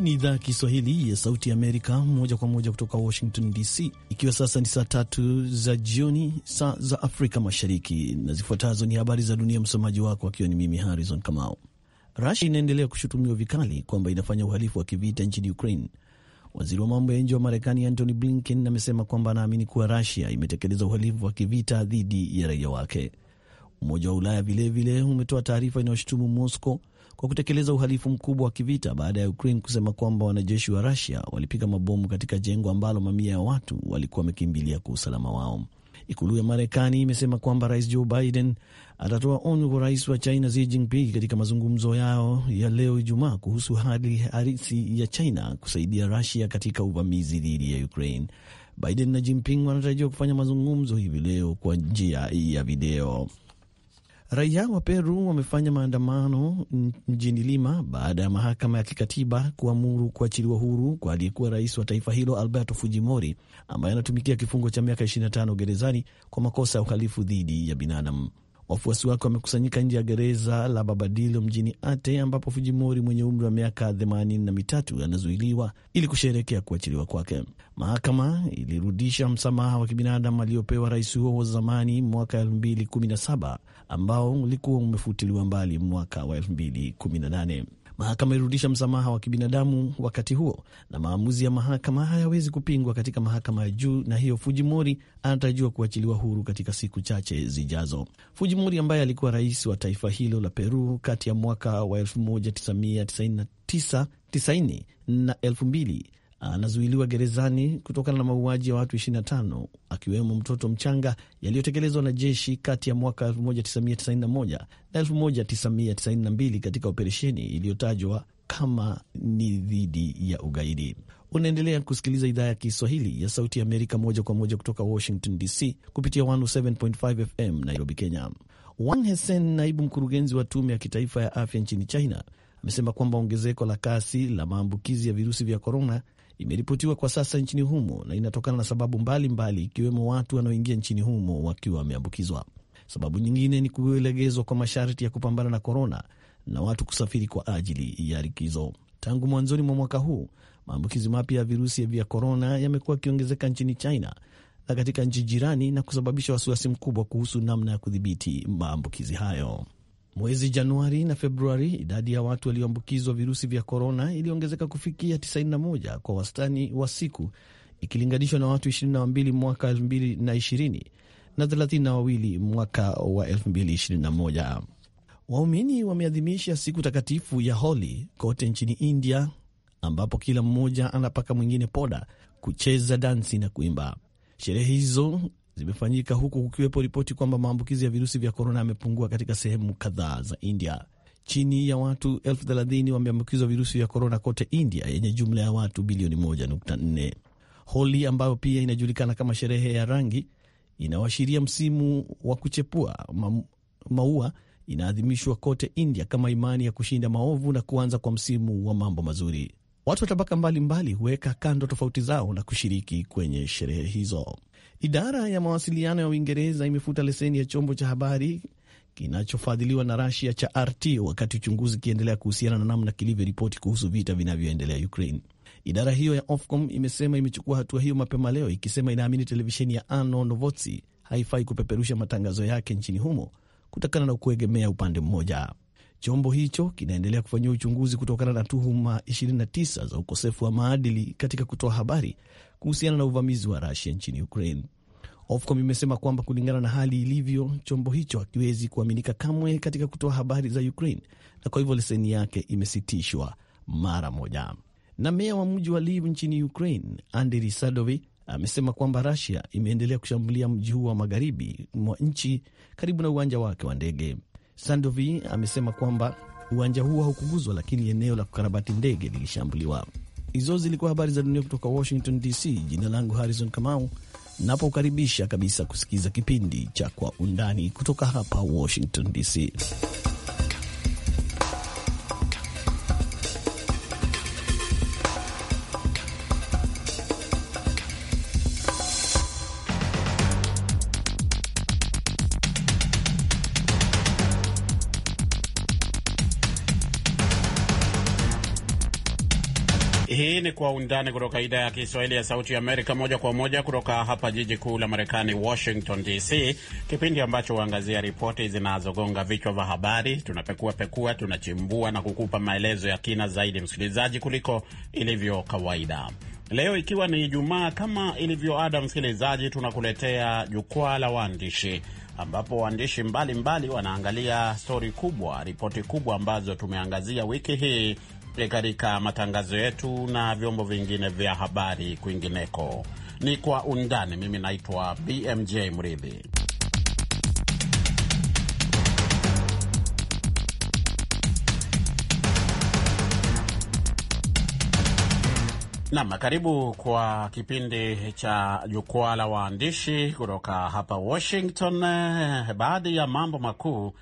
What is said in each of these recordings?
Hii ni idhaa ya Kiswahili ya Sauti ya Amerika, moja kwa moja kutoka Washington DC, ikiwa sasa ni saa tatu za jioni, saa za Afrika Mashariki, na zifuatazo ni habari za dunia. Msomaji wako akiwa ni mimi Harrison Kamau. Rusia inaendelea kushutumiwa vikali kwamba inafanya uhalifu wa kivita nchini Ukraine. Waziri wa mambo ya nje wa Marekani Antony Blinken amesema kwamba anaamini kuwa Rusia imetekeleza uhalifu wa kivita dhidi ya raia wake. Umoja wa Ulaya vilevile umetoa taarifa inayoshutumu Moscow kwa kutekeleza uhalifu mkubwa wa kivita baada ya Ukraine kusema kwamba wanajeshi wa rasia walipiga mabomu katika jengo ambalo mamia ya watu walikuwa wamekimbilia kwa usalama wao. Ikulu ya Marekani imesema kwamba rais Joe Biden atatoa onyo kwa rais wa China Xi Jinping katika mazungumzo yao ya leo Ijumaa kuhusu hali halisi ya China kusaidia rasia katika uvamizi dhidi ya Ukraine. Biden na Jinping wanatarajiwa kufanya mazungumzo hivi leo kwa njia ya video. Raia wa Peru wamefanya maandamano mjini Lima baada ya mahakama ya kikatiba kuamuru kuachiliwa huru kwa aliyekuwa rais wa taifa hilo Alberto Fujimori ambaye anatumikia kifungo cha miaka 25 gerezani kwa makosa ya uhalifu dhidi ya binadamu. Wafuasi wake wamekusanyika nje ya gereza la Babadilo mjini Ate ambapo Fujimori mwenye umri wa miaka 83 mitatu anazuiliwa ili kusherekea kuachiliwa kwake. Mahakama ilirudisha msamaha wa kibinadamu aliyopewa rais huo wa zamani mwaka 2017 ambao ulikuwa umefutiliwa mbali mwaka wa 2018. Mahakama ilirudisha msamaha wa kibinadamu wakati huo, na maamuzi ya mahakama hayawezi kupingwa katika mahakama ya juu, na hiyo Fujimori anatarajiwa kuachiliwa huru katika siku chache zijazo. Fujimori ambaye alikuwa rais wa taifa hilo la Peru kati ya mwaka wa 1999 90 na 2000 anazuiliwa gerezani kutokana na mauaji ya watu 25 akiwemo mtoto mchanga yaliyotekelezwa na jeshi kati ya mwaka 1991 na 1992 katika operesheni iliyotajwa kama ni dhidi ya ugaidi. Unaendelea kusikiliza idhaa ya Kiswahili ya Sauti ya Amerika moja kwa moja kutoka Washington DC kupitia 107.5 FM Nairobi, Kenya. Wang Hesen, naibu mkurugenzi wa tume ya kitaifa ya afya nchini China, amesema kwamba ongezeko la kasi la maambukizi ya virusi vya korona imeripotiwa kwa sasa nchini humo na inatokana na sababu mbalimbali ikiwemo mbali, watu wanaoingia nchini humo wakiwa wameambukizwa. Sababu nyingine ni kulegezwa kwa masharti ya kupambana na korona na watu kusafiri kwa ajili ya likizo. Tangu mwanzoni mwa mwaka huu maambukizi mapya ya virusi vya korona yamekuwa yakiongezeka nchini China na katika nchi jirani na kusababisha wasiwasi mkubwa kuhusu namna ya kudhibiti maambukizi hayo. Mwezi Januari na Februari, idadi ya watu walioambukizwa virusi vya korona iliongezeka kufikia 91 kwa wastani wa siku ikilinganishwa na watu 22 mwaka 2020 na 32 mwaka wa 2021. Waumini wameadhimisha siku takatifu ya Holi kote nchini India, ambapo kila mmoja anapaka mwingine poda, kucheza dansi na kuimba. Sherehe hizo zimefanyika huku kukiwepo ripoti kwamba maambukizi ya virusi vya korona yamepungua katika sehemu kadhaa za India. Chini ya watu elfu thelathini wameambukizwa virusi vya korona kote India yenye jumla ya watu bilioni 1.4. Holi ambayo pia inajulikana kama sherehe ya rangi inayoashiria msimu wa kuchepua maua inaadhimishwa kote India kama imani ya kushinda maovu na kuanza kwa msimu wa mambo mazuri. Watu wa tabaka mbalimbali huweka kando tofauti zao na kushiriki kwenye sherehe hizo. Idara ya mawasiliano ya Uingereza imefuta leseni ya chombo cha habari kinachofadhiliwa na Rasia cha RT wakati uchunguzi ikiendelea kuhusiana na namna kilivyoripoti kuhusu vita vinavyoendelea Ukraine. Idara hiyo ya Ofcom imesema imechukua hatua hiyo mapema leo, ikisema inaamini televisheni ya Ano Novosti haifai kupeperusha matangazo yake nchini humo kutokana na kuegemea upande mmoja. Chombo hicho kinaendelea kufanyia uchunguzi kutokana na tuhuma 29 za ukosefu wa maadili katika kutoa habari kuhusiana na uvamizi wa Rusia nchini Ukraine. Ofcom imesema kwamba kulingana na hali ilivyo, chombo hicho hakiwezi kuaminika kamwe katika kutoa habari za Ukraine na kwa hivyo leseni yake imesitishwa mara moja. Na meya wa mji wa liv nchini Ukraine andri sadovi amesema kwamba Rusia imeendelea kushambulia mji huo wa magharibi mwa nchi karibu na uwanja wake wa ndege. Sandovi amesema kwamba uwanja huo haukuguzwa, lakini eneo la kukarabati ndege lilishambuliwa. Hizo zilikuwa habari za dunia kutoka Washington DC. Jina langu Harrison Kamau, napokaribisha kabisa kusikiza kipindi cha Kwa Undani kutoka hapa Washington DC. kwa undani kutoka idhaa ya Kiswahili ya Sauti Amerika, moja kwa moja kutoka hapa jiji kuu la Marekani, Washington DC, kipindi ambacho huangazia ripoti zinazogonga vichwa vya habari. Tunapekua pekua, tunachimbua na kukupa maelezo ya kina zaidi, msikilizaji, kuliko ilivyo kawaida. Leo ikiwa ni Ijumaa, kama ilivyo ada, msikilizaji, tunakuletea jukwaa la waandishi ambapo waandishi mbalimbali wanaangalia stori kubwa, ripoti kubwa ambazo tumeangazia wiki hii katika matangazo yetu na vyombo vingine vya habari kwingineko. Ni kwa undani. Mimi naitwa BMJ Mridhi. Nam, karibu kwa kipindi cha jukwaa la waandishi kutoka hapa Washington. Baadhi ya mambo makuu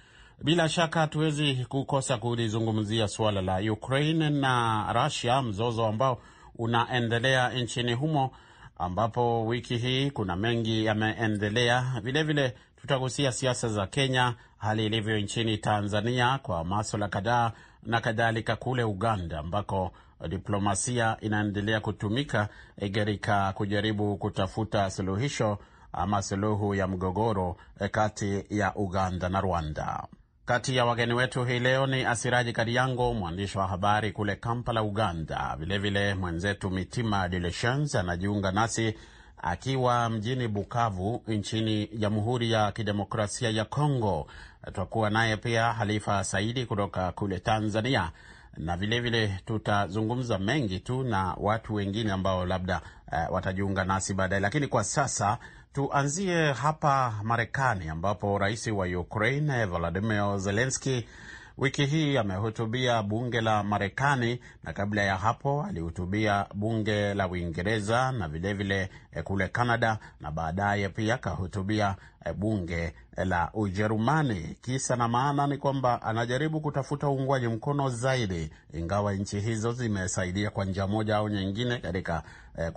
bila shaka hatuwezi kukosa kulizungumzia suala la Ukraine na Russia, mzozo ambao unaendelea nchini humo, ambapo wiki hii kuna mengi yameendelea. Vilevile tutagusia siasa za Kenya, hali ilivyo nchini Tanzania kwa maswala kadhaa na kadhalika, kule Uganda ambako diplomasia inaendelea kutumika katika kujaribu kutafuta suluhisho ama suluhu ya mgogoro eh, kati ya Uganda na Rwanda. Kati ya wageni wetu hii leo ni Asiraji Kariango, mwandishi wa habari kule Kampala, Uganda. Vilevile mwenzetu Mitima Delechans anajiunga nasi akiwa mjini Bukavu nchini Jamhuri ya, Kidemokrasia ya Kongo. Tutakuwa naye pia Halifa Saidi kutoka kule Tanzania, na vilevile vile tutazungumza mengi tu na watu wengine ambao labda uh, watajiunga nasi baadaye, lakini kwa sasa Tuanzie hapa Marekani ambapo rais wa Ukraine Volodimir zelenski wiki hii amehutubia bunge la Marekani na kabla ya hapo alihutubia bunge la Uingereza na vilevile vile eh, kule canada na baadaye pia kahutubia eh, bunge la Ujerumani. Kisa na maana ni kwamba anajaribu kutafuta uungwaji mkono zaidi, ingawa nchi hizo zimesaidia kwa njia moja au nyingine katika Eh,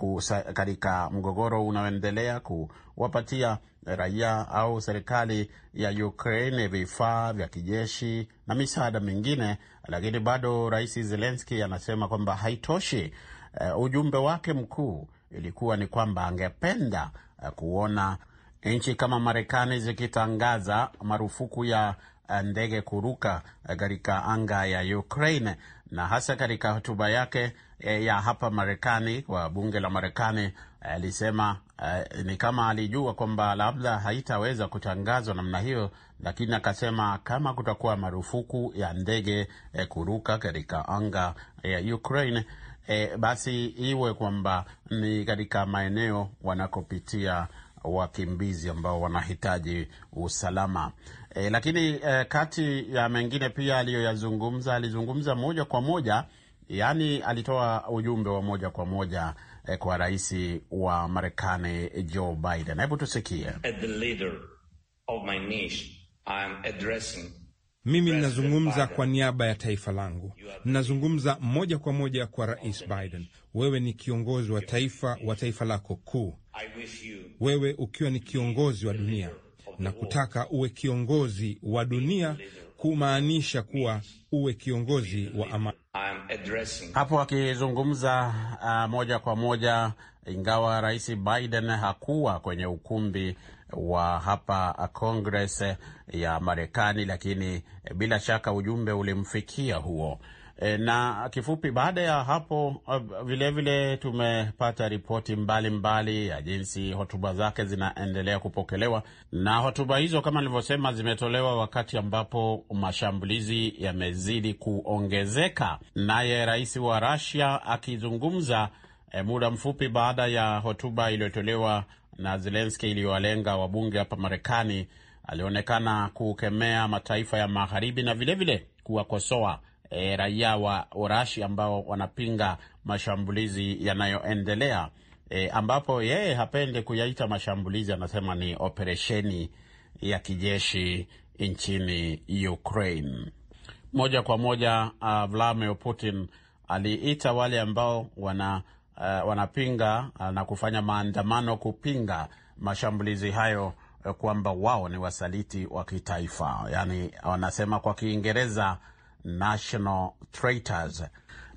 katika mgogoro unaoendelea kuwapatia raia au serikali ya Ukraine vifaa vya kijeshi na misaada mingine, lakini bado Rais Zelensky anasema kwamba haitoshi. Eh, ujumbe wake mkuu ilikuwa ni kwamba angependa eh, kuona nchi kama Marekani zikitangaza marufuku ya ndege kuruka eh, katika anga ya Ukraine, na hasa katika hotuba yake eh, ya hapa Marekani kwa bunge la Marekani eh, alisema e, ni kama alijua kwamba labda haitaweza kutangazwa namna hiyo, lakini akasema kama kutakuwa marufuku ya ndege e, kuruka katika anga ya eh, Ukraine e, basi iwe kwamba ni katika maeneo wanakopitia wakimbizi ambao wanahitaji usalama. E, lakini e, kati ya mengine pia aliyoyazungumza, alizungumza moja kwa moja, yaani alitoa ujumbe wa moja kwa moja e, kwa rais wa Marekani Joe Biden. Hebu tusikie. the leader of my I am addressing mimi ninazungumza kwa niaba ya taifa langu, ninazungumza moja kwa moja kwa Rais Biden. Wewe ni kiongozi wa taifa wa taifa lako kuu, wewe ukiwa ni kiongozi wa dunia, na kutaka uwe kiongozi wa dunia kumaanisha kuwa uwe kiongozi wa amani. Hapo akizungumza uh, moja kwa moja, ingawa Rais Biden hakuwa kwenye ukumbi wa hapa Congress ya Marekani, lakini bila shaka ujumbe ulimfikia huo. E, na kifupi, baada ya hapo vilevile vile tumepata ripoti mbalimbali ya jinsi hotuba zake zinaendelea kupokelewa, na hotuba hizo kama nilivyosema, zimetolewa wakati ambapo mashambulizi yamezidi kuongezeka, naye rais wa Russia akizungumza e, muda mfupi baada ya hotuba iliyotolewa na Zelenski iliyowalenga wabunge hapa Marekani, alionekana kukemea mataifa ya magharibi na vilevile kuwakosoa e, raia wa Urashi ambao wanapinga mashambulizi yanayoendelea e, ambapo yeye hapendi kuyaita mashambulizi, anasema ni operesheni ya kijeshi nchini Ukraine. Moja kwa moja, uh, Vladimir Putin aliita wale ambao wana uh, wanapinga uh, na kufanya maandamano kupinga mashambulizi hayo uh, kwamba wao ni wasaliti wa kitaifa, yaani wanasema kwa Kiingereza national traitors.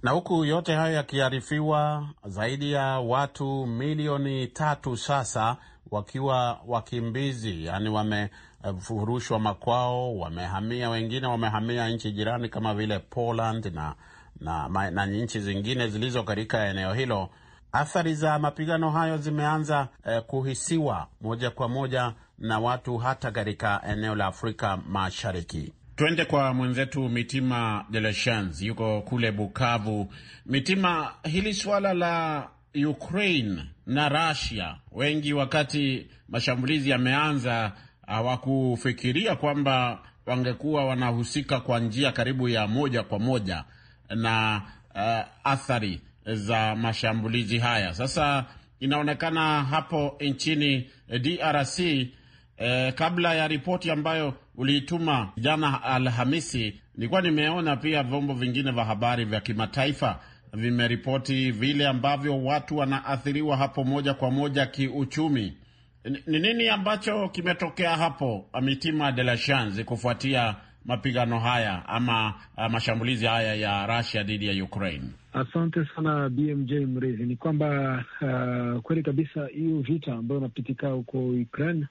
Na huku yote hayo yakiarifiwa, zaidi ya watu milioni tatu sasa wakiwa wakimbizi, yaani wamefurushwa makwao, wamehamia, wengine wamehamia nchi jirani kama vile Poland na na, na nchi zingine zilizo katika eneo hilo. Athari za mapigano hayo zimeanza eh, kuhisiwa moja kwa moja na watu hata katika eneo la Afrika Mashariki. Twende kwa mwenzetu Mitima De La yuko kule Bukavu. Mitima, hili suala la Ukraine na Russia, wengi wakati mashambulizi yameanza hawakufikiria kwamba wangekuwa wanahusika kwa njia karibu ya moja kwa moja na uh, athari za mashambulizi haya. Sasa inaonekana hapo nchini eh, DRC eh, kabla ya ripoti ambayo uliituma jana Alhamisi, nilikuwa nimeona pia vyombo vingine vya habari vya kimataifa vimeripoti vile ambavyo watu wanaathiriwa hapo moja kwa moja kiuchumi. Ni nini ambacho kimetokea hapo, Mitima de la Chance, kufuatia mapigano haya ama uh, mashambulizi haya ya Russia dhidi ya Ukraine? Asante sana BMJ Mrezi. Ni kwamba uh, kweli kabisa hiyo vita ambayo inapitika huko Ukraine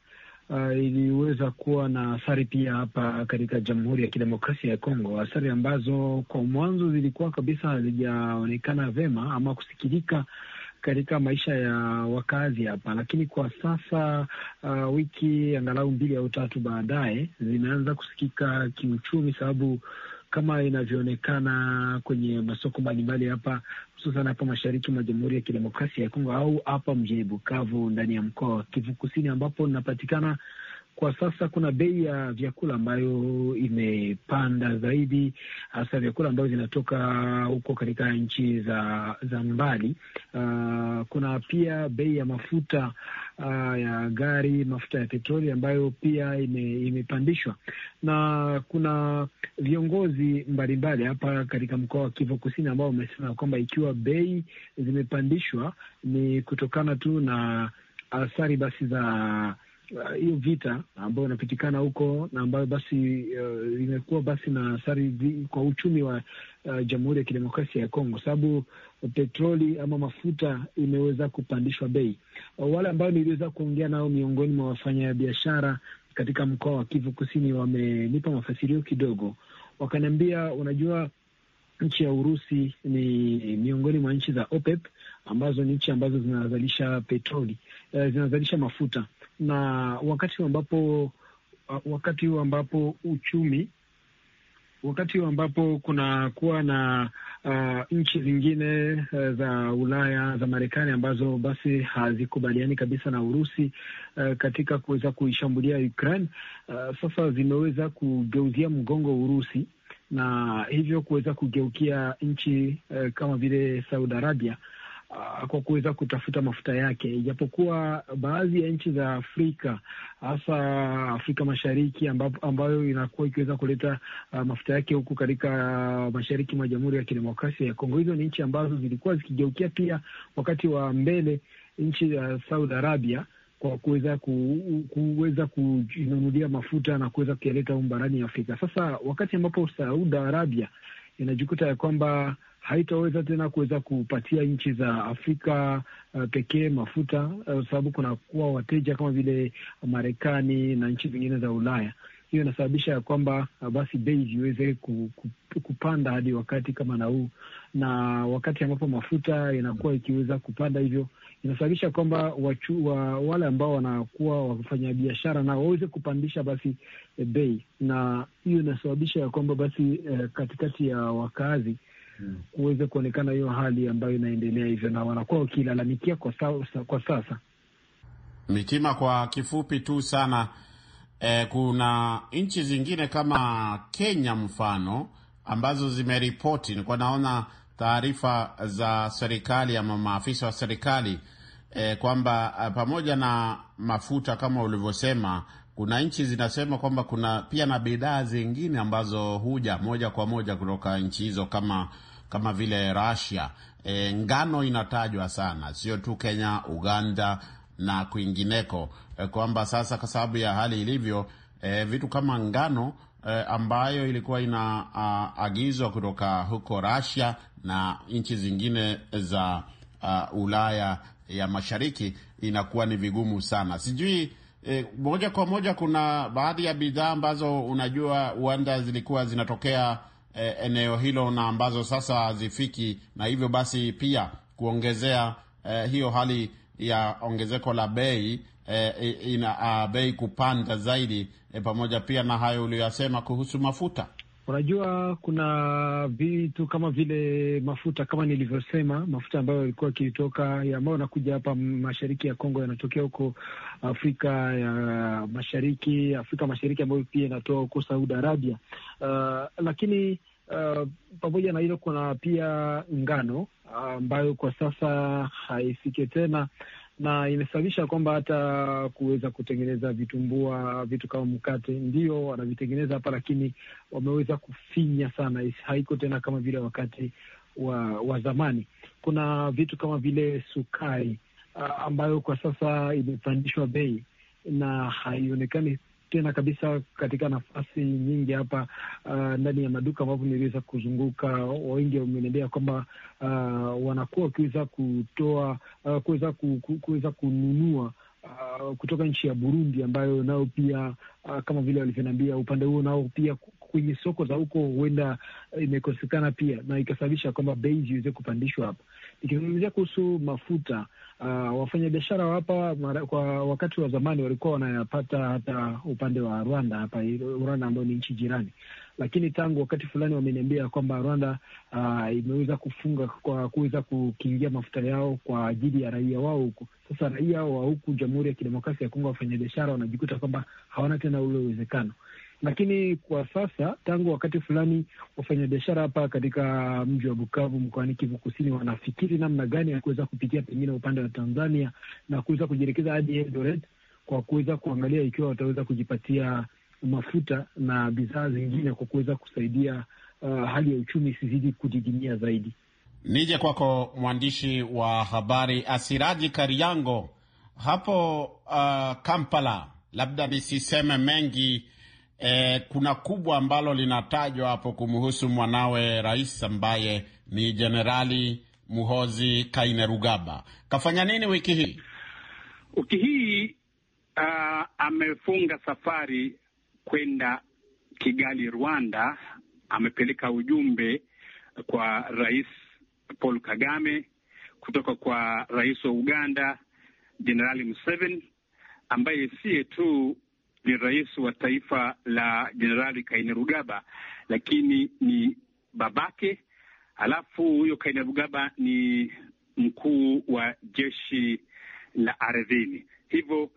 Uh, iliweza kuwa na athari pia hapa katika Jamhuri ya Kidemokrasia ya Kongo, athari ambazo kwa mwanzo zilikuwa kabisa hazijaonekana vema ama kusikilika katika maisha ya wakazi hapa, lakini kwa sasa uh, wiki angalau mbili au tatu baadaye zinaanza kusikika kiuchumi, sababu kama inavyoonekana kwenye masoko mbalimbali hapa hususan hapa mashariki mwa Jamhuri ya Kidemokrasia ya Kongo au hapa mjini Bukavu ndani ya mkoa wa Kivu Kusini ambapo inapatikana kwa sasa kuna bei ya vyakula ambayo imepanda zaidi, hasa vyakula ambayo zinatoka huko katika nchi za, za mbali. Uh, kuna pia bei ya mafuta uh, ya gari, mafuta ya petroli ambayo pia ime, imepandishwa, na kuna viongozi mbalimbali hapa katika mkoa wa Kivu Kusini ambao wamesema kwamba ikiwa bei zimepandishwa ni kutokana tu na athari basi za Uh, hiyo uh, vita ambayo inapitikana huko na ambayo basi uh, imekuwa basi na athari kwa uchumi wa uh, Jamhuri ya Kidemokrasia ya Kongo, sababu petroli ama mafuta imeweza kupandishwa bei. Uh, wale ambao niliweza kuongea nao miongoni mwa wafanyabiashara katika mkoa wa Kivu Kusini wamenipa mafasirio kidogo, wakaniambia, unajua nchi ya Urusi ni miongoni mwa nchi za OPEP ambazo ni nchi ambazo zinazalisha petroli, uh, zinazalisha mafuta na wakati ambapo uh, wakati huu ambapo uchumi wakati huu ambapo kuna kuwa na uh, nchi zingine uh, za Ulaya za Marekani ambazo basi hazikubaliani kabisa na Urusi uh, katika kuweza kuishambulia Ukraine uh, sasa zimeweza kugeuzia mgongo Urusi na hivyo kuweza kugeukia nchi uh, kama vile Saudi Arabia Uh, kwa kuweza kutafuta mafuta yake, ijapokuwa baadhi ya nchi za Afrika hasa Afrika Mashariki ambayo inakuwa ikiweza kuleta uh, mafuta yake huku katika uh, mashariki mwa Jamhuri ya Kidemokrasia ya Kongo. Hizo ni nchi ambazo zilikuwa zikigeukia pia wakati wa mbele nchi ya uh, Saudi Arabia kwa kuweza kuweza kujinunulia mafuta na kuweza kuyaleta humu barani Afrika. Sasa wakati ambapo Saudi Arabia inajikuta ya kwamba haitaweza tena kuweza kupatia nchi za Afrika uh, pekee mafuta uh, sababu kunakuwa wateja kama vile Marekani na nchi zingine za Ulaya. Hiyo inasababisha ya kwamba uh, basi bei ziweze kupanda hadi wakati kama na huu, na wakati ambapo mafuta inakuwa ikiweza kupanda hivyo inasababisha kwamba wa, wale ambao wanakuwa biashara na waweze kupandisha basi e, bei, na hiyo inasababisha ya kwamba basi e, katikati ya wakazi Mm. kuweze kuonekana hiyo hali ambayo inaendelea hivyo, na wanakuwa wakilalamikia kwa, kwa sasa. Mitima, kwa kifupi tu sana eh, kuna nchi zingine kama Kenya mfano ambazo zimeripoti, nilikuwa naona taarifa za serikali ama maafisa wa serikali eh, kwamba eh, pamoja na mafuta kama ulivyosema kuna nchi zinasema kwamba kuna pia na bidhaa zingine ambazo huja moja kwa moja kutoka nchi hizo kama kama vile Russia. E, ngano inatajwa sana, sio tu Kenya, Uganda na kwingineko e, kwamba sasa kwa sababu ya hali ilivyo e, vitu kama ngano e, ambayo ilikuwa inaagizwa kutoka huko Russia na nchi zingine za a, Ulaya ya Mashariki inakuwa ni vigumu sana sijui E, moja kwa moja kuna baadhi ya bidhaa ambazo unajua huenda zilikuwa zinatokea e, eneo hilo na ambazo sasa hazifiki, na hivyo basi pia kuongezea e, hiyo hali ya ongezeko la bei e, ina ah, bei kupanda zaidi e, pamoja pia na hayo uliyosema kuhusu mafuta. Unajua, kuna vitu kama vile mafuta kama nilivyosema, mafuta ambayo yalikuwa yakitoka ambayo yanakuja hapa mashariki ya Kongo yanatokea huko Afrika ya Mashariki, Afrika Mashariki ambayo pia inatoa huko Saudi Arabia. Uh, lakini uh, pamoja na hilo kuna pia ngano uh, ambayo uh, kwa sasa haifike tena na imesababisha kwamba hata kuweza kutengeneza vitumbua, vitu kama mkate, ndio wanavitengeneza hapa, lakini wameweza kufinya sana, haiko tena kama vile wakati wa, wa zamani. Kuna vitu kama vile sukari Uh, ambayo kwa sasa imepandishwa bei na haionekani tena kabisa katika nafasi nyingi hapa uh, ndani ya maduka ambapo niliweza kuzunguka, wengi wameniambia kwamba uh, wanakuwa wakiweza kutoa uh, kuweza ku, ku, kununua uh, kutoka nchi ya Burundi ambayo nao pia uh, kama vile walivyoniambia upande huo nao pia kwenye soko za huko huenda imekosekana pia, na ikasababisha kwamba bei ziweze kupandishwa hapa. Ikizungumzia kuhusu mafuta uh, wafanyabiashara hapa kwa wakati wa zamani walikuwa wanayapata hata upande wa Rwanda hapa Rwanda ambayo ni nchi jirani, lakini tangu wakati fulani wameniambia kwamba Rwanda uh, imeweza kufunga kwa kuweza kukiingia mafuta yao kwa ajili ya raia wao huku. Sasa raia wa huku Jamhuri ya Kidemokrasia ya Kongo, wafanyabiashara wanajikuta kwamba hawana tena ule uwezekano lakini kwa sasa, tangu wakati fulani, wafanyabiashara hapa katika mji wa Bukavu mkoani Kivu Kusini wanafikiri namna gani ya kuweza kupitia pengine upande wa Tanzania na kuweza kujielekeza hadi Eldoret kwa kuweza kuangalia ikiwa wataweza kujipatia mafuta na bidhaa zingine kwa kuweza kusaidia uh, hali ya uchumi isizidi kudidimia zaidi. Nije kwako mwandishi wa habari Asiraji Kariango hapo uh, Kampala. Labda nisiseme mengi E, kuna kubwa ambalo linatajwa hapo kumhusu mwanawe rais ambaye ni Jenerali Muhozi Kainerugaba. Kafanya nini wiki hii? Wiki hii uh, amefunga safari kwenda Kigali, Rwanda. Amepeleka ujumbe kwa Rais Paul Kagame kutoka kwa rais wa Uganda Jenerali Museveni ambaye siye tu ni rais wa taifa la Jenerali Kainerugaba, lakini ni babake. Alafu huyo Kainerugaba ni mkuu wa jeshi la ardhini, hivyo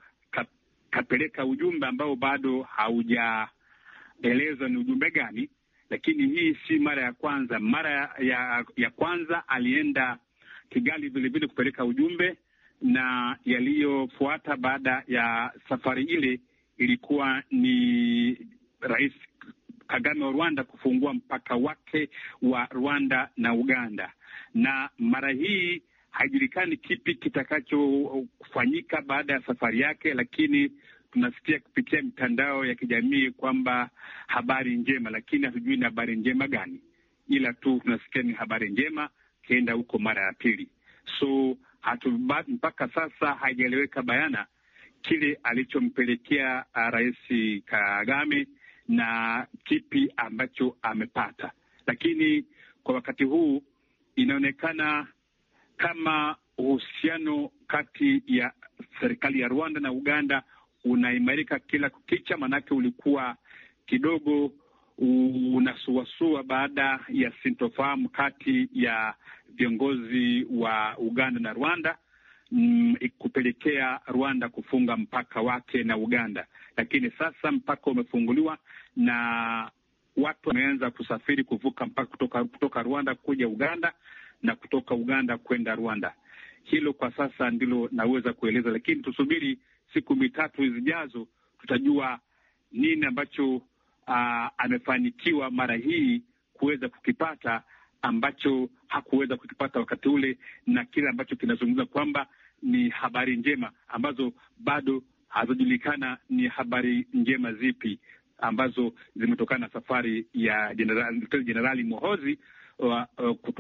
kapeleka ujumbe ambao bado haujaelezwa ni ujumbe gani, lakini hii si mara ya kwanza. Mara ya, ya kwanza alienda Kigali vilevile kupeleka ujumbe na yaliyofuata baada ya safari ile ilikuwa ni Rais Kagame wa Rwanda kufungua mpaka wake wa Rwanda na Uganda, na mara hii haijulikani kipi kitakachofanyika baada ya safari yake, lakini tunasikia kupitia mitandao ya kijamii kwamba habari njema, lakini hatujui ni habari njema gani, ila tu tunasikia ni habari njema, kenda huko mara ya pili. So hatu mpaka sasa haijaeleweka bayana kile alichompelekea uh, Rais Kagame na kipi ambacho amepata, lakini kwa wakati huu inaonekana kama uhusiano kati ya serikali ya Rwanda na Uganda unaimarika kila kukicha, maanake ulikuwa kidogo unasuasua baada ya sintofahamu kati ya viongozi wa Uganda na Rwanda, mm, kupelekea Rwanda kufunga mpaka wake na Uganda, lakini sasa mpaka umefunguliwa na watu wameanza kusafiri kuvuka mpaka kutoka, kutoka Rwanda kuja Uganda na kutoka Uganda kwenda Rwanda. Hilo kwa sasa ndilo naweza kueleza, lakini tusubiri siku mitatu zijazo, tutajua nini ambacho uh, amefanikiwa mara hii kuweza kukipata ambacho hakuweza kukipata wakati ule, na kile ambacho kinazungumza kwamba ni habari njema ambazo bado hazijulikana ni habari njema zipi ambazo zimetokana na safari ya Jenerali Jenerali Mohozi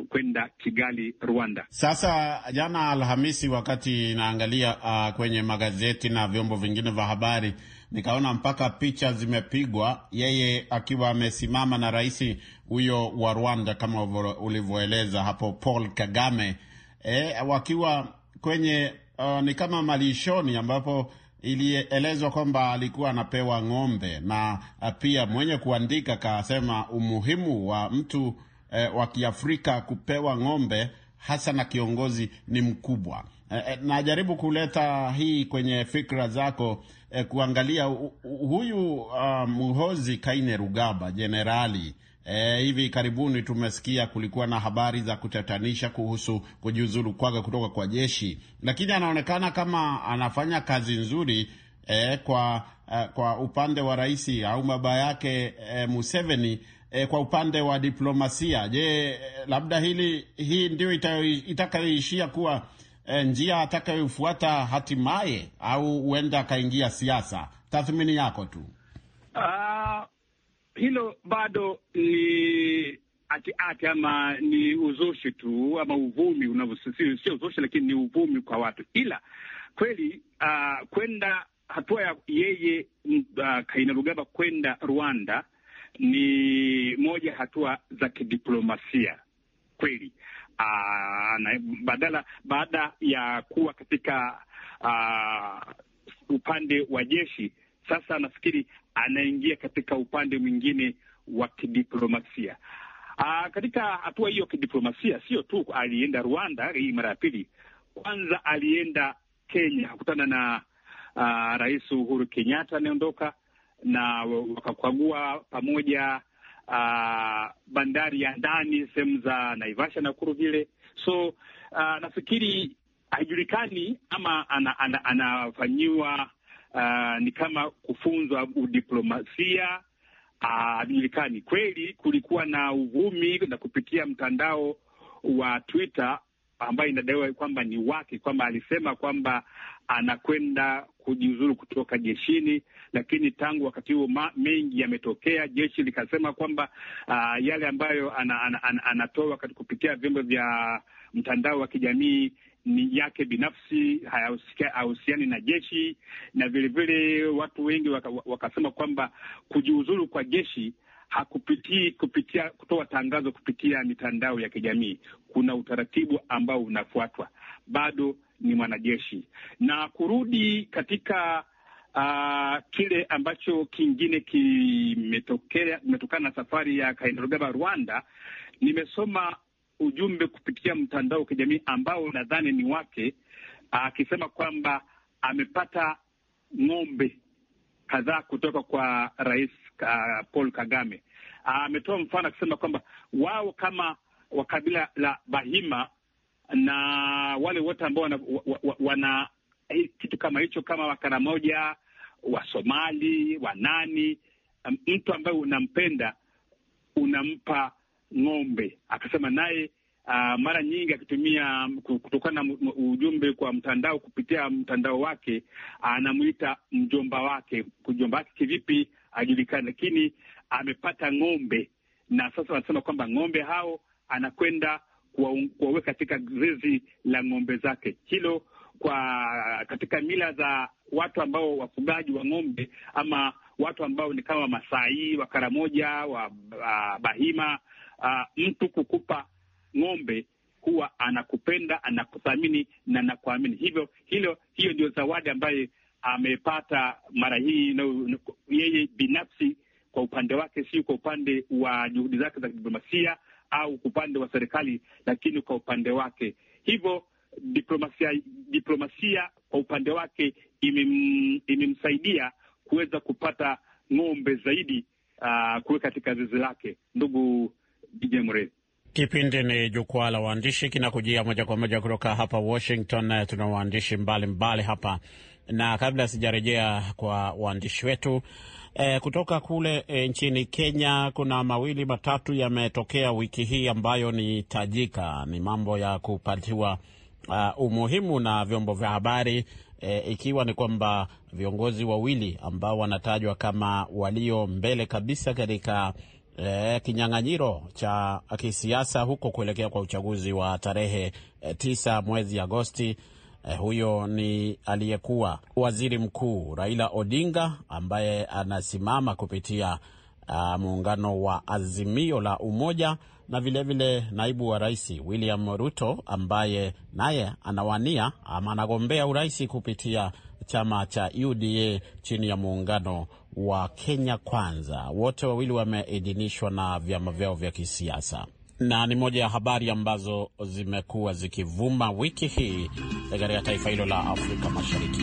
kwenda Kigali, Rwanda. Sasa jana Alhamisi, wakati naangalia uh, kwenye magazeti na vyombo vingine vya habari, nikaona mpaka picha zimepigwa yeye akiwa amesimama na rais huyo wa Rwanda kama ulivyoeleza hapo Paul Kagame, e, wakiwa kwenye uh, ni kama malishoni ambapo ilielezwa kwamba alikuwa anapewa ng'ombe na uh, pia mwenye kuandika kasema umuhimu wa mtu eh, wa Kiafrika kupewa ng'ombe hasa na kiongozi ni mkubwa. Eh, eh najaribu kuleta hii kwenye fikra zako eh, kuangalia huyu uh, Muhozi Kainerugaba jenerali E, hivi karibuni tumesikia kulikuwa na habari za kutatanisha kuhusu kujiuzuru kwake kutoka kwa jeshi, lakini anaonekana kama anafanya kazi nzuri e, kwa, a, e, kwa upande wa rais au baba yake e, Museveni e, kwa upande wa diplomasia. Je, labda hili hii ndio itakayoishia kuwa e, njia atakayoifuata hatimaye, au huenda akaingia siasa? Tathmini yako tu. Uh, hilo bado ni atiati ama ni uzushi tu ama uvumi unavyosisi, sio uzushi, lakini ni uvumi kwa watu. Ila kweli uh, kwenda hatua ya yeye uh, mm, ah, Kainerugaba kwenda Rwanda ni moja hatua za kidiplomasia kweli. Uh, na badala baada ya kuwa katika uh, upande wa jeshi sasa nafikiri anaingia katika upande mwingine wa kidiplomasia. Aa, ah, katika hatua hiyo kidiplomasia, sio tu alienda Rwanda hii mara ya pili, kwanza alienda Kenya kukutana na ah, Rais Uhuru Kenyatta anaondoka na wakakagua pamoja aa, ah, bandari ya ndani sehemu za Naivasha na Nakuru vile. So aa, nafikiri haijulikani ama anafanyiwa ana, ana, ana uh, ni kama kufunzwa udiplomasia ah, hajulikani. Uh, kweli kulikuwa na uvumi na kupitia mtandao wa Twitter ambayo inadaiwa kwamba ni wake, kwamba alisema kwamba anakwenda kujiuzuru kutoka jeshini, lakini tangu wakati huo mengi yametokea. Jeshi likasema kwamba uh, yale ambayo anatoa ana, ana, ana, ana kupitia vyombo vya mtandao wa kijamii ni yake binafsi, hayahusiani na jeshi, na vilevile watu wengi waka, wakasema kwamba kujiuzuru kwa jeshi hakupitii kupitia kutoa tangazo kupitia mitandao ya kijamii. Kuna utaratibu ambao unafuatwa, bado ni mwanajeshi. Na kurudi katika uh, kile ambacho kingine kimetokana na safari ya Kainerugaba Rwanda, nimesoma ujumbe kupitia mtandao wa kijamii ambao nadhani ni wake, akisema kwamba amepata ng'ombe kadhaa kutoka kwa Rais uh, Paul Kagame. Ametoa mfano akisema kwamba wao kama wa kabila la Bahima na wale wote ambao wana, wana, wana kitu kama hicho kama Wakaramoja, Wasomali, Wanani, mtu ambaye unampenda unampa ng'ombe, akasema naye uh, mara nyingi akitumia kutokana na ujumbe kwa mtandao kupitia mtandao wake anamwita uh, mjomba wake. Mjomba wake kivipi ajulikane, lakini amepata ng'ombe na sasa wanasema kwamba ng'ombe hao anakwenda kuwaweka katika zizi la ng'ombe zake. Hilo kwa katika mila za watu ambao wafugaji wa ng'ombe ama watu ambao ni kama Wamasai, Wakaramoja, wa ah, Bahima uh, mtu kukupa ng'ombe huwa anakupenda, anakuthamini na anakuamini. Hivyo hilo hiyo ndio zawadi ambaye amepata mara hii no, yeye binafsi kwa upande wake, sio kwa upande wa juhudi zake za kidiplomasia au kwa upande wa serikali, lakini kwa upande wake. Hivyo diplomasia, diplomasia kwa upande wake imemsaidia kuweza kupata ng'ombe zaidi uh, kuweka katika zizi lake. Ndugu DJ Mrefu. Kipindi ni jukwaa la waandishi kinakujia moja kwa moja kutoka hapa Washington. Tuna waandishi mbalimbali hapa, na kabla sijarejea kwa waandishi wetu e, kutoka kule e, nchini Kenya, kuna mawili matatu yametokea wiki hii ambayo ni tajika, ni mambo ya kupatiwa uh, umuhimu na vyombo vya habari e, ikiwa ni kwamba viongozi wawili ambao wanatajwa kama walio mbele kabisa katika e, kinyang'anyiro cha kisiasa huko kuelekea kwa uchaguzi wa tarehe e, tisa mwezi Agosti. E, huyo ni aliyekuwa waziri mkuu Raila Odinga ambaye anasimama kupitia uh, muungano wa Azimio la Umoja na vilevile vile naibu wa rais William Ruto ambaye naye anawania ama anagombea urais kupitia chama cha UDA chini ya muungano wa Kenya Kwanza. Wote wawili wameidhinishwa na vyama vyao vya kisiasa na ni moja ya habari ambazo zimekuwa zikivuma wiki hii katika taifa hilo la Afrika Mashariki.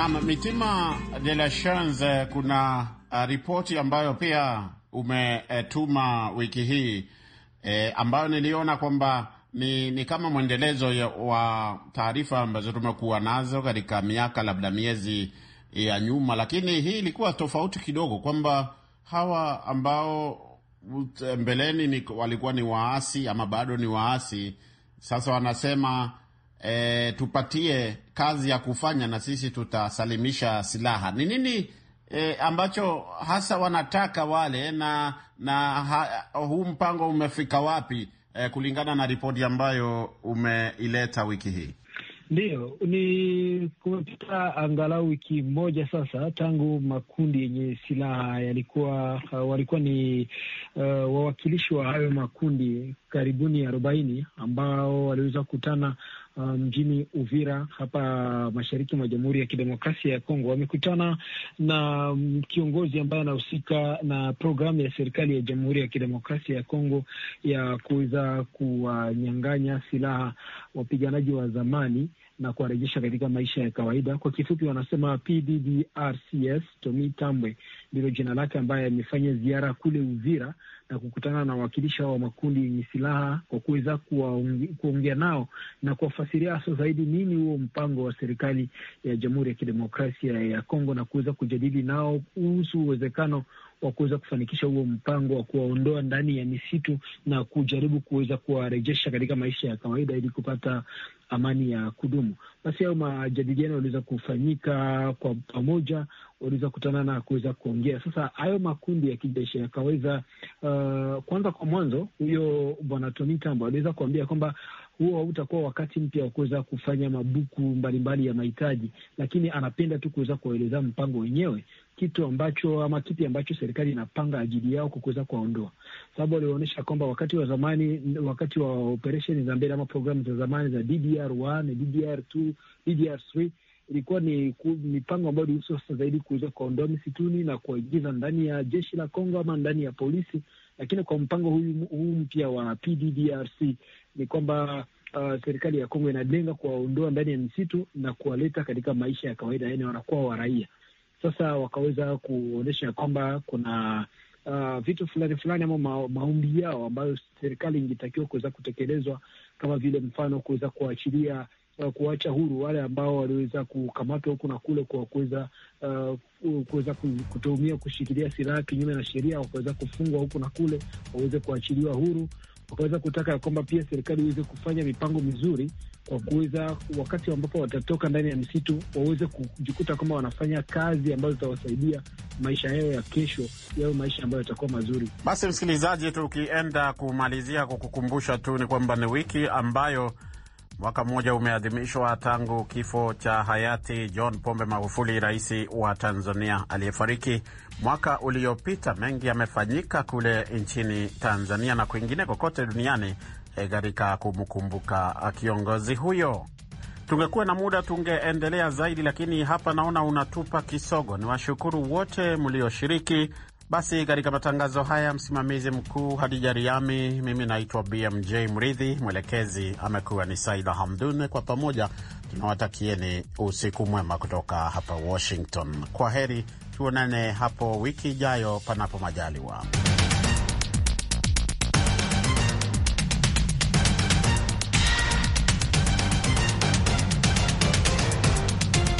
Naam, Mitima de la Chance, kuna uh, ripoti ambayo pia umetuma uh, wiki hii e, ambayo niliona kwamba ni, ni kama mwendelezo wa taarifa ambazo tumekuwa nazo katika miaka labda miezi ya nyuma, lakini hii ilikuwa tofauti kidogo, kwamba hawa ambao uh, mbeleni ni, walikuwa ni waasi ama bado ni waasi, sasa wanasema e, tupatie kazi ya kufanya na sisi tutasalimisha silaha. Ni nini e, ambacho hasa wanataka wale na, na huu mpango umefika wapi e, kulingana na ripoti ambayo umeileta wiki hii? Ndiyo, ni kumepita angalau wiki moja sasa tangu makundi yenye silaha yalikuwa uh, walikuwa ni uh, wawakilishi wa hayo makundi karibuni arobaini ambao waliweza kukutana Uh, mjini um, Uvira hapa mashariki mwa Jamhuri ya Kidemokrasia ya Kongo. Wamekutana na um, kiongozi ambaye anahusika na programu ya serikali ya Jamhuri ya Kidemokrasia ya Kongo ya kuweza kuwanyang'anya silaha wapiganaji wa zamani na kuwarejesha katika maisha ya kawaida. Kwa kifupi, wanasema PDDRCS. Tomi Tambwe ndilo jina lake, ambaye amefanya ziara kule Uvira na kukutana na wawakilishi hao wa makundi yenye silaha kwa kuweza kuongea nao na kuwafasiria hasa zaidi nini huo mpango wa serikali ya Jamhuri ya Kidemokrasia ya Kongo na kuweza kujadili nao kuhusu uwezekano wa kuweza kufanikisha huo mpango wa kuwaondoa ndani ya misitu na kujaribu kuweza kuwarejesha katika maisha ya kawaida ili kupata amani ya kudumu. Basi hayo majadiliano waliweza kufanyika kwa pamoja, waliweza kutana na kuweza kuongea. Sasa hayo makundi ya kijeshi yakaweza, uh, kwanza kwa mwanzo, huyo bwana Tony Tambo aliweza kuambia kwamba huo hautakuwa wakati mpya wa kuweza kufanya mabuku mbalimbali mbali ya mahitaji, lakini anapenda tu kuweza kuwaelezea mpango wenyewe kitu ambacho ama kipi ambacho serikali inapanga ajili yao kwa kuweza kuwaondoa, sababu walionyesha kwamba wakati wa zamani, wakati wa operesheni za mbele ama programu za zamani za DDR1, DDR2, DDR3 ilikuwa ni mipango ambayo ilihusu sasa zaidi kuweza kuwaondoa misituni na kuwaingiza ndani ya jeshi la Kongo ama ndani ya polisi. Lakini kwa mpango huu mpya wa PDDRC ni kwamba uh, serikali ya Kongo inalenga kuwaondoa ndani ya misitu na kuwaleta katika maisha ya kawaida, yani wanakuwa wa raia. Sasa wakaweza kuonyesha kwamba kuna uh, vitu fulani fulani ama ma, maombi yao ambayo serikali ingetakiwa kuweza kutekelezwa, kama vile mfano kuweza kuachilia uh, kuwacha huru wale ambao waliweza kukamatwa huku na kule kwa kuweza uh, kuweza kutumia kushikilia silaha kinyume na sheria, wakaweza kufungwa huku na kule, waweze kuachiliwa huru wakaweza kutaka ya kwamba pia serikali iweze kufanya mipango mizuri kwa kuweza, wakati ambapo watatoka ndani ya misitu, waweze kujikuta kwamba wanafanya kazi ambazo zitawasaidia maisha yao ya kesho yawe maisha ambayo yatakuwa mazuri. Basi msikilizaji, tukienda kumalizia, kwa kukumbusha tu ni kwamba ni wiki ambayo Mwaka mmoja umeadhimishwa tangu kifo cha hayati John Pombe Magufuli, rais wa Tanzania aliyefariki mwaka uliopita. Mengi yamefanyika kule nchini Tanzania na kwingine kokote duniani eh, katika kumkumbuka kiongozi huyo. Tungekuwa na muda tungeendelea zaidi, lakini hapa naona unatupa kisogo. Ni washukuru wote mlioshiriki basi katika matangazo haya, msimamizi mkuu Hadija Riami, mimi naitwa BMJ Mridhi, mwelekezi amekuwa ni Saida Hamdun. Kwa pamoja tunawatakieni usiku mwema kutoka hapa Washington. Kwa heri, tuonane hapo wiki ijayo, panapo majaliwa.